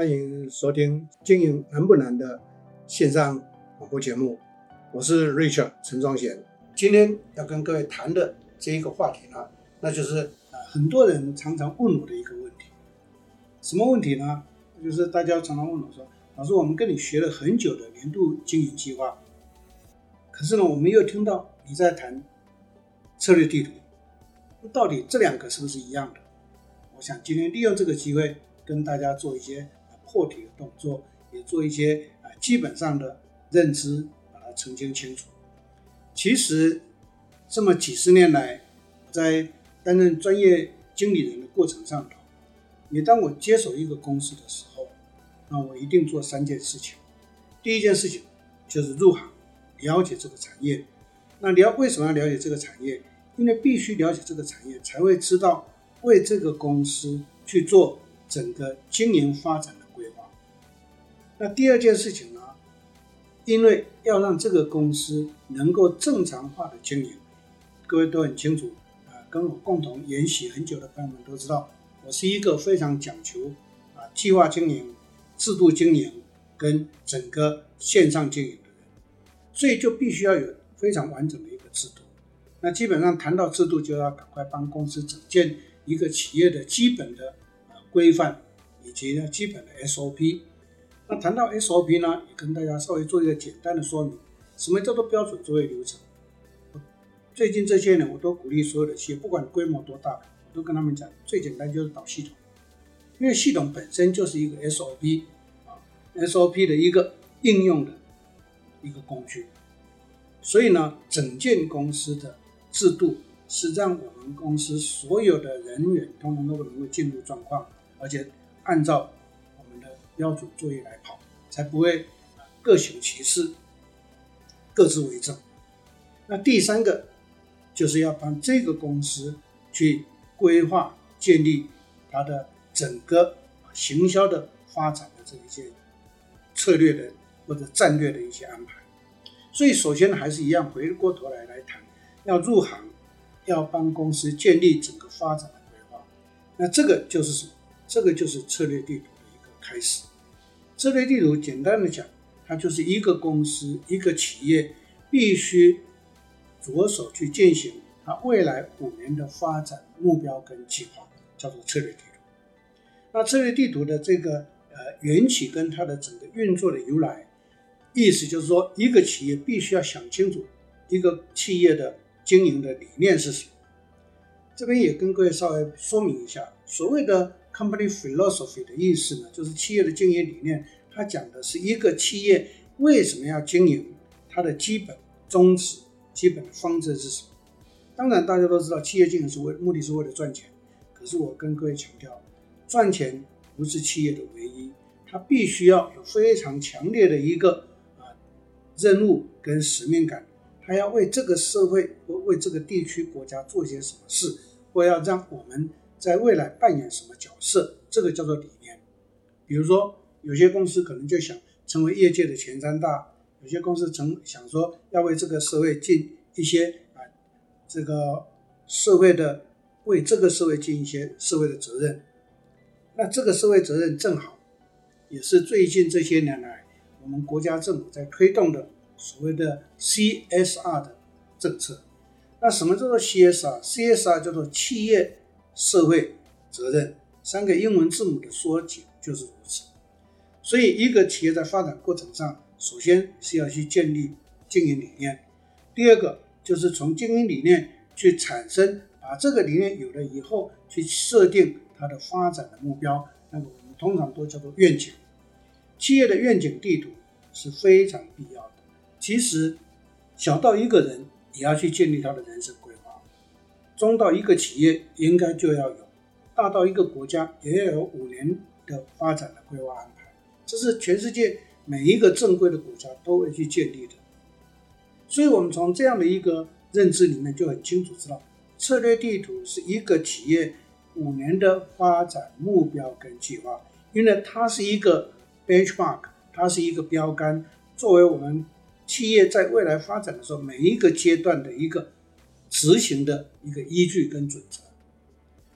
歡迎收聽《經營難不難》的線上廣播節目，我是 Rachel 陳宗賢。今天要跟各位談的這一個話題呢、啊，那就是啊、呃，很多人常常問我的一個問題，什麼問題呢？就是大家常常問我說：“老師，我們跟你學了很久的年度經營計劃，可是呢，我們又聽到你在談策略地圖，那到底這兩個是不是一樣的？”我想今天利用這個機會跟大家做一些破題的動作，也做一些啊、呃，基本上的認知把它，呃、澄清清楚。其實這麼幾十年來，我在擔任專業經理人的過程上頭，每當我接手一個公司的時候，那我一定做三件事情。第一件事情就是入行，了解這個產業。那了為什麼要了解這個產業？因為必須了解這個產業，才會知道為這個公司去做整個經營發展。那第二件事情呢？因為要讓這個公司能夠正常化的經營，各位都很清楚啊、呃，跟我共同研習很久的朋友們都知道，我是一個非常講求啊、呃、計劃經營、制度經營跟整個線上經營的人，所以就必須要有非常完整的一個制度。那基本上談到制度，就要趕快幫公司整建一個企業的基本的、呃、規範以及呢基本的 SOP。那談到 SOP 呢，也跟大家稍微做一個簡單的說明。什麼叫做標準作業流程？最近這些年，我都鼓勵所有的企業，不管規模多大，我都跟他們講，最簡單就是導系統，因為系統本身就是一個 SOP 啊 SOP 的一個應用的一個工具。所以呢，整件公司的制度是讓我們公司所有的人員，通通都能夠進入狀況，而且按照。標準作業來跑，才不會各行其是、各自為政。那第三個就是要幫這個公司去規劃、建立它的整個行銷的發展的這一些策略的或者戰略的一些安排。所以，首先還是一樣，回過頭來來談，要入行，要幫公司建立整個發展的規劃。那這個就是什麼？這個就是策略地圖的一個開始。策略地圖簡單的講，它就是一個公司、一個企業必須着手去踐行它未來五年的發展目標跟計劃，叫做策略地圖。那策略地圖的這個呃緣起跟它的整個運作的由來，意思就是說，一個企業必須要想清楚，一個企業的經營的理念是什麼。這邊也跟各位稍微說明一下，所謂的。Company philosophy 的意思呢，就是企業的經營理念。它講的是一個企業為什麼要經營，它的基本宗旨、基本的方針是什麼。當然，大家都知道，企業經營是為，目的是為了賺錢。可是我跟各位強調，賺錢不是企業的唯一，它必須要有非常強烈的一個啊、呃、任務跟使命感。它要為這個社會或為，為這個地區國家做些什麼事，或要讓我們。在未來扮演什麼角色？這個叫做理念。比如說，有些公司可能就想成為業界的前三大；有些公司曾想說要為這個社會盡一些啊，這個社會的為這個社會盡一些社會的責任。那這個社會責任正好也是最近這些年來我們國家政府在推動的所謂的 CSR 的政策。那什麼叫做 CSR？CSR 叫做企業，社會責任三個英文字母的縮寫就是如此，所以一個企業在發展過程上，首先是要去建立經營理念，第二個就是從經營理念去產生，把這個理念有了以後，去設定它的發展的目標，那麼我們通常都叫做願景。企業的願景地圖是非常必要的。其實，小到一個人也要去建立他的人生。中到一個企業應該就要有，大到一個國家也要有五年的發展的規劃安排，這是全世界每一個正規的國家都會去建立的。所以，我們從這樣的一個認知裡面就很清楚知道，策略地圖是一個企業五年的發展目標跟計劃，因為它是一個 benchmark，它是一個標杆，作為我們企業在未來發展的時候，每一個階段的一個。執行的一個依據跟準則。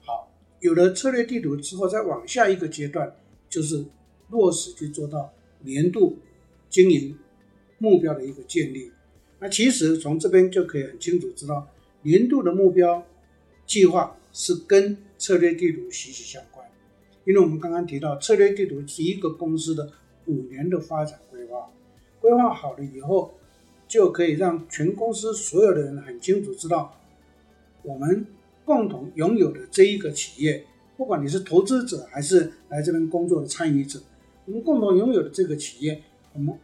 好，有了策略地圖之後，再往下一個階段就是落實去做到年度經營目標的一個建立。那其實從這邊就可以很清楚知道，年度的目標計劃是跟策略地圖息息相關。因為我們剛剛提到，策略地圖是一個公司的五年的發展規劃，規劃好了以後。就可以讓全公司所有的人很清楚知道，我們共同擁有的這一個企業，不管你是投資者還是來這邊工作的參與者，我們共同擁有的這個企業，我們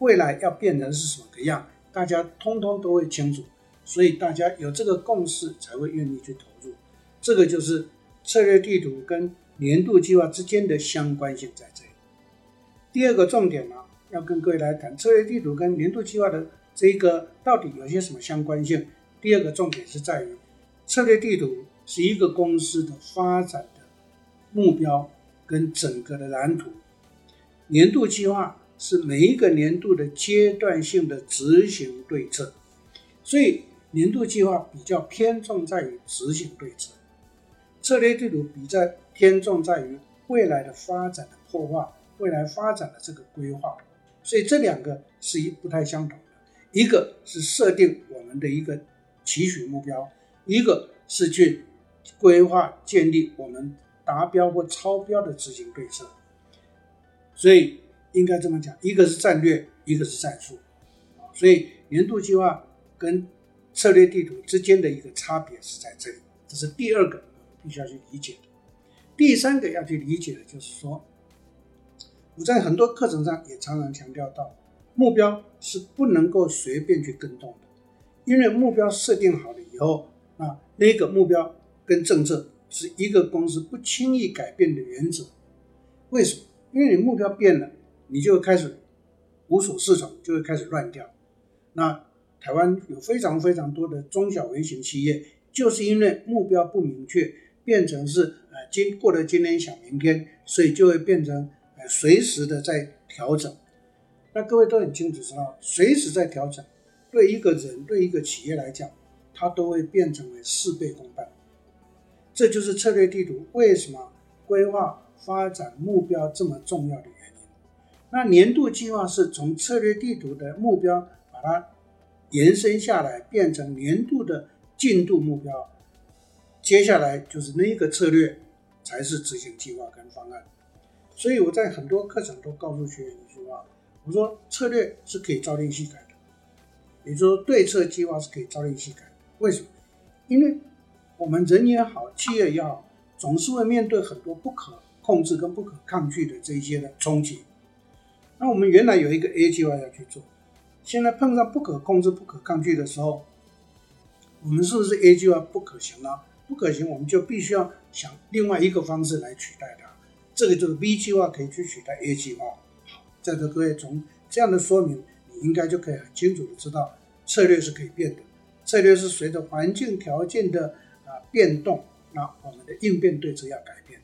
未來要變成是什麼個樣，大家通通都會清楚。所以大家有這個共識，才會願意去投入。這個就是策略地圖跟年度計劃之間的相關性在這裡。第二個重點呢、啊？要跟各位來談策略地圖跟年度計劃的這一個到底有些什麼相關性？第二個重點是在於，策略地圖是一個公司的發展的目標跟整個的藍圖，年度計劃是每一個年度的階段性的執行對策，所以年度計劃比較偏重在於執行對策，策略地圖比較偏重在於未來的發展的規劃，未來發展的這個規劃。所以這兩個是一不太相同的，一個是設定我們的一個期許目標，一個是去規劃建立我們達標或超標的執行對策。所以應該這麼講，一個是戰略，一個是戰術。所以年度計劃跟策略地圖之間的一個差別是在這裡，這是第二個，必須要去理解的。第三個要去理解的就是說，我在很多課程上也常常強調到，目標是不能夠隨便去更動的，因為目標設定好了以後，啊，那個目標跟政策是一個公司不輕易改變的原則。為什麼？因為你目標變了，你就會開始無所適從，就會開始亂掉。那台灣有非常非常多的中小微型企業，就是因為目標不明確，變成是呃今過了今天想明天，所以就會變成。隨時的在調整，那各位都很清楚知道，隨時在調整，對一個人對一個企業來講，它都會變成為事倍功半。這就是策略地圖為什麼規劃發展目標這麼重要的原因。那年度計劃是從策略地圖的目標把它延伸下來，變成年度的進度目標。接下來就是那個策略才是執行計劃跟方案。所以我在很多課程都告訴學員一句話，我說策略是可以朝令夕改的，也就是說對策計劃是可以朝令夕改的，為什麼？因為我們人也好，企業也好，總是會面對很多不可控制跟不可抗拒的這一些的衝擊。那我們原來有一個 A 計劃要去做，現在碰上不可控制、不可抗拒的時候，我們是不是 A 計劃不可行了？不可行，我們就必須要想另外一個方式來取代它。這個就是 B 計劃可以去取代 A 計劃。好，在座各位從這樣的說明，你應該就可以很清楚的知道，策略是可以變的，策略是隨着環境條件的啊變動，那我們的應變對策要改變。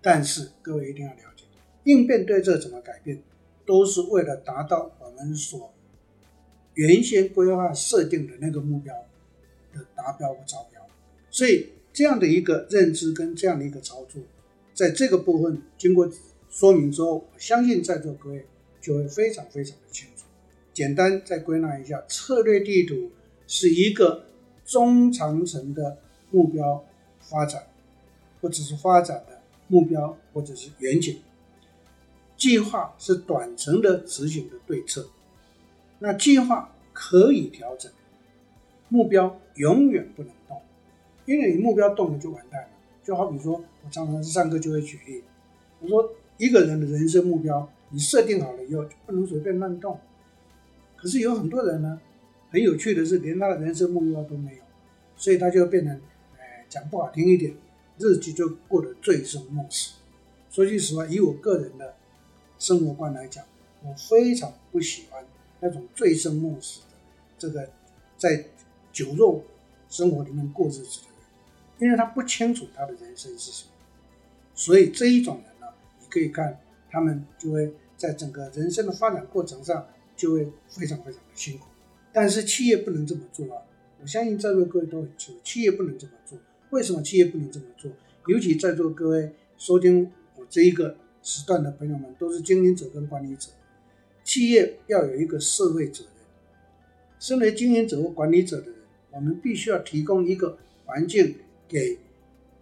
但是各位一定要了解，應變對策怎麼改變，都是為了達到我們所原先規劃設定的那個目標的達標和超標。所以這樣的一個認知跟這樣的一個操作。在這個部分經過說明之後，我相信在座各位就會非常非常的清楚。簡單再歸納一下，策略地圖是一個中長程的目標發展，或者是發展的目標，或者是遠景。計劃是短程的執行的對策。那計劃可以調整，目標永遠不能動，因為你目標動了就完蛋了。就好比說，我常常上課就會舉例，我說一個人的人生目標，你設定好了以後，就不能隨便亂動。可是有很多人呢，很有趣的是，連他的人生目標都沒有，所以他就變成，呃，講不好聽一點，日子就過得醉生夢死。說句實話，以我個人的生活觀來講，我非常不喜歡那種醉生夢死的這個在酒肉生活裡面過日子的。因為他不清楚他的人生是什麼，所以這一種人呢，啊，你可以看他們就會在整個人生的發展過程上，就會非常非常的辛苦。但是企業不能這麼做啊！我相信在座各位都很清楚，企業不能這麼做。為什麼企業不能這麼做？尤其在座各位收聽我這一個時段的朋友們，都是經營者跟管理者，企業要有一個社會責任。身為經營者和管理者的人，我們必須要提供一個環境。給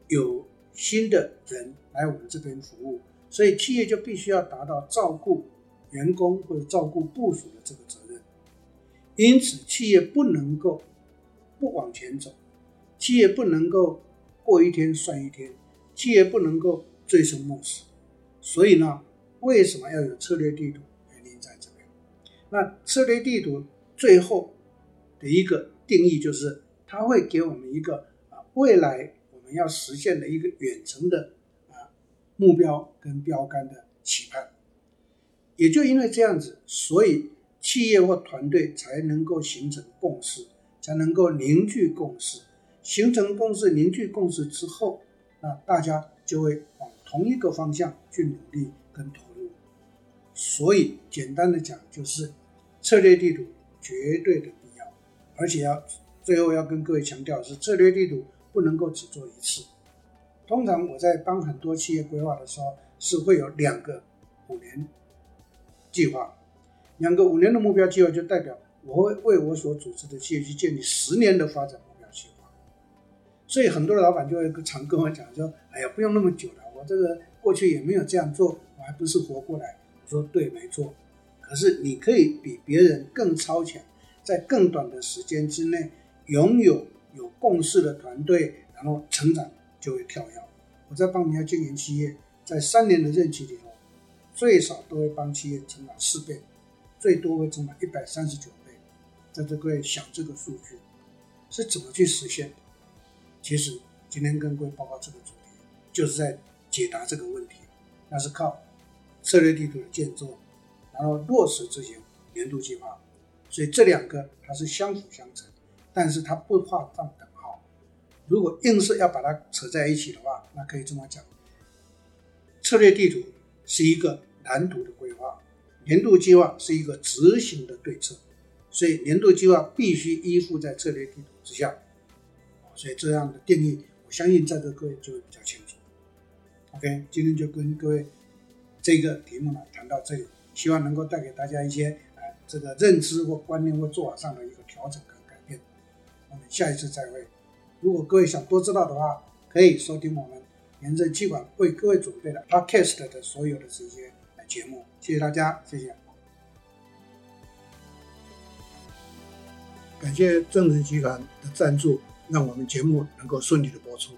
有新的人來我們這邊服務，所以企業就必須要達到照顧員工或者照顧部屬的這個責任。因此，企業不能夠不往前走，企業不能夠過一天算一天，企業不能夠醉生夢死。所以呢，為什麼要有策略地圖？原因在這邊。那策略地圖最後的一個定義就是，它會給我們一個未來我們要實現的一個遠程的啊目標跟標杆的期盼，也就因為這樣子，所以企業或團隊才能夠形成共識，才能夠凝聚共識，形成共識凝聚共識之後，那、啊、大家就會往同一個方向去努力跟投入。所以簡單的講，就是策略地圖絕對的必要，而且要最後要跟各位強調的是策略地圖，不能夠只做一次。通常我在幫很多企業規劃的時候，是會有兩個五年計劃，兩個五年的目標計劃，就代表我會為我所組織的企業去建立十年的發展目標計劃。所以很多老闆就會常跟我講說：“哎呀，不用那麼久了，我這個過去也沒有這樣做，我還不是活過來。”我說：“對，沒錯。可是你可以比別人更超前，在更短的時間之內擁有。”有共識的團隊，然後成長就會跳躍。我在幫人家經營企業，在三年的任期裡頭，最少都會幫企業成長四倍，最多會成長一百三十九倍。在這各位想這個數據是怎麼去實現的？其實今天跟各位報告這個主題，就是在解答這個問題。那是靠策略地圖的建築，然後落實這些年度計劃，所以這兩個它是相輔相成。但是它不劃上等號，如果硬是要把它扯在一起的話，那可以這麼講：策略地圖是一個藍圖的規劃，年度計劃是一個執行的對策，所以年度計劃必須依附在策略地圖之下。所以這樣的定義，我相信在座各位就會比較清楚。OK，今天就跟各位這個題目呢，談到這裡，希望能夠帶給大家一些啊這個認知或觀念或做法上的一個調整。我們下一次再會。如果各位想多知道的話，可以收聽我們聯聖企管為各位準備的 Podcast 的所有的這些節目。謝謝大家，謝謝。感謝正直集團的贊助，讓我們節目能夠順利的播出。